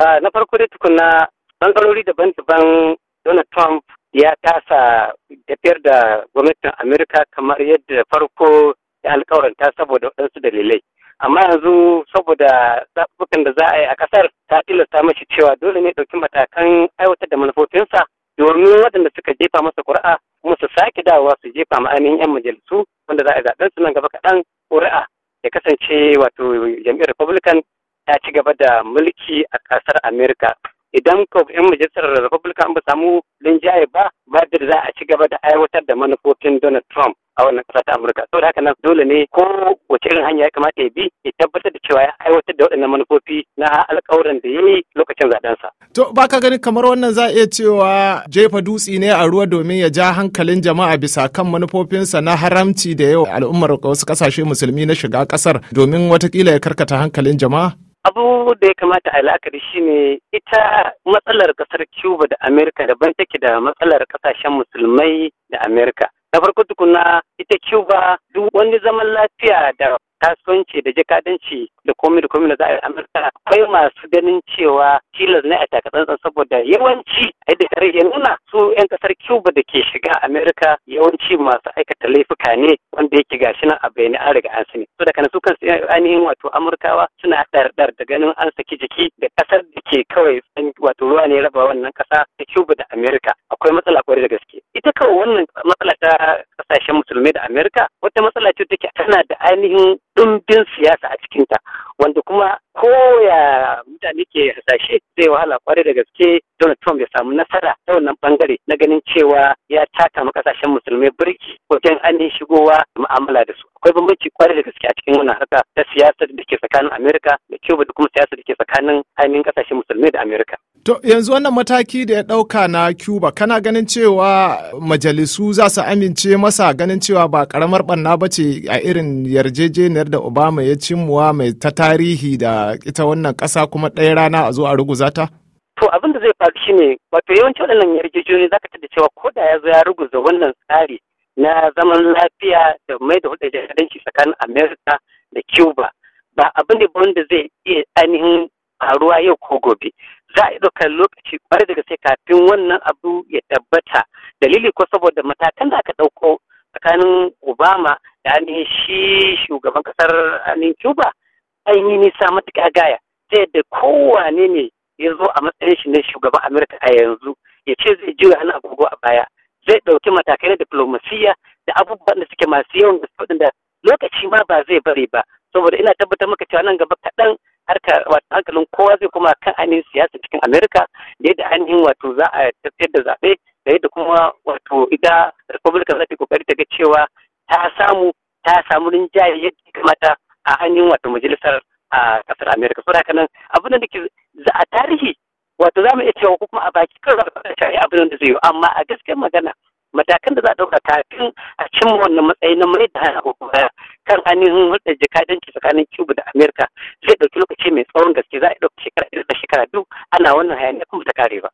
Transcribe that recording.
Ah, na farko dai tukuna bangarori daban-daban Donald Trump ya tasa tafiyar da gwamnatin Amerika kamar yadda farko ya alkawaranta saboda waɗansu dalilai. Amma yanzu saboda zaɓuɓɓukan da za a yi a ƙasar ta tilasta mashi cewa dole ne ɗauki matakan aiwatar da manufofinsa domin waɗanda suka jefa masa ƙuri'a kuma su sake dawowa su jefa ma ainihin 'yan majalisu wanda za a zaɓen su nan gaba kaɗan ƙuri'a ya kasance wato jam'iyyar Republican ya ci gaba da mulki a kasar Amerika. Idan ko 'yan majalisar Republican ba samu linjaye ba, ba da za a ci gaba da aiwatar da manufofin Donald Trump a wannan kasar ta Amurka. da haka nan dole ne ko wace irin hanya ya kamata ya bi ya tabbatar da cewa ya aiwatar da waɗannan manufofi na alƙawuran da ya yi lokacin zaɓensa. To ba ka gani kamar wannan za a iya cewa jefa dutse ne a ruwa domin ya ja hankalin jama'a bisa kan manufofinsa na haramci da yau al'ummar wasu ƙasashe musulmi na shiga kasar domin watakila ya karkata hankalin jama'a? abu da ya kamata a la'akari shine ita matsalar kasar cuba da amerika daban take da matsalar kasashen musulmai da amerika na farko tukuna ita cuba duk wani zaman lafiya da kasuwanci da jakadanci da komai da komai da za a yi amurka akwai masu ganin cewa tilas ne a takatsantsan saboda yawanci A yadda ya nuna su yan kasar cuba da ke shiga amurka yawanci masu aikata laifuka ne wanda yake gashi nan a bayani an riga an sani so da kana su kansu ainihin wato amurkawa suna ɗarɗar da ganin an saki jiki da kasar da ke kawai wato ruwa ne raba wannan kasa ta cuba da amurka akwai matsala kwarai da gaske ita kawai wannan matsala ta kasashen musulmi da amerika wata matsala ce take tana da ainihin ɗumbin siyasa a cikinta wanda kuma koya mutane ke hasashe zai wahala kwarai da gaske Donald Trump ya samu nasara ta wannan bangare na ganin cewa ya taka ma kasashen musulmi birki wajen ainihin shigowa da mu'amala da su akwai bambanci kwarai da gaske a cikin wannan harka ta siyasa da ke tsakanin Amerika da Cuba da kuma siyasa da ke tsakanin ainihin kasashen musulmi da Amerika To yanzu wannan mataki da ya ɗauka na Cuba kana ganin cewa majalisu za su amince masa ganin cewa ba karamar barna ba ce a irin yarjejeniyar da Obama ya cimuwa mai ta tarihi da ita wannan ƙasa kuma ɗaya rana a zo a ruguza ta? To abin da zai faru shi ne wato yawanci waɗannan yarjejeni za ka da cewa ko da ya zo ya ruguza wannan tsari na zaman lafiya da mai da hulɗar jakadanci tsakanin Amerika da Cuba ba abin da wanda zai iya ainihin faruwa yau ko gobe. za a ɗaukar lokaci ƙwarai da gaske kafin wannan abu ya tabbata dalili ko saboda matakan da aka ɗauko tsakanin obama da ainihin shi shugaban ƙasar ainihin cuba an yi nisa matuƙa gaya ta yadda kowane ne ya zo a matsayin shi na shugaban amurka a yanzu ya ce zai jira hannun agogo a baya zai ɗauki matakai na diplomasiya da abubuwan da suke masu yawan da lokaci ma ba zai bari ba saboda ina tabbatar maka cewa nan gaba kaɗan harka wato hankalin kowa zai kuma kan ainihin siyasa cikin Amerika da yadda ainihin wato za a tafiyar da zaɓe da yadda kuma wato ita Republican zafi kokari ta ga cewa ta samu ta samu rinjaye yadda ya kamata a ainihin wato majalisar a kasar Amerika. Saboda haka nan abin da ke za a tarihi wato za mu iya cewa ko kuma a baki kan rabu da shari'a abin da zai yi amma a gaskiyar magana matakan da za a ɗauka kafin a cimma wannan matsayi na mai da hana kan ainihin hulɗar jakadanci tsakanin Cuba da Amerika zai ɗauki lokaci mai tsawon gaske za a ɗauki shekara da shekara biyu ana wannan hayaniya kuma ta kare ba.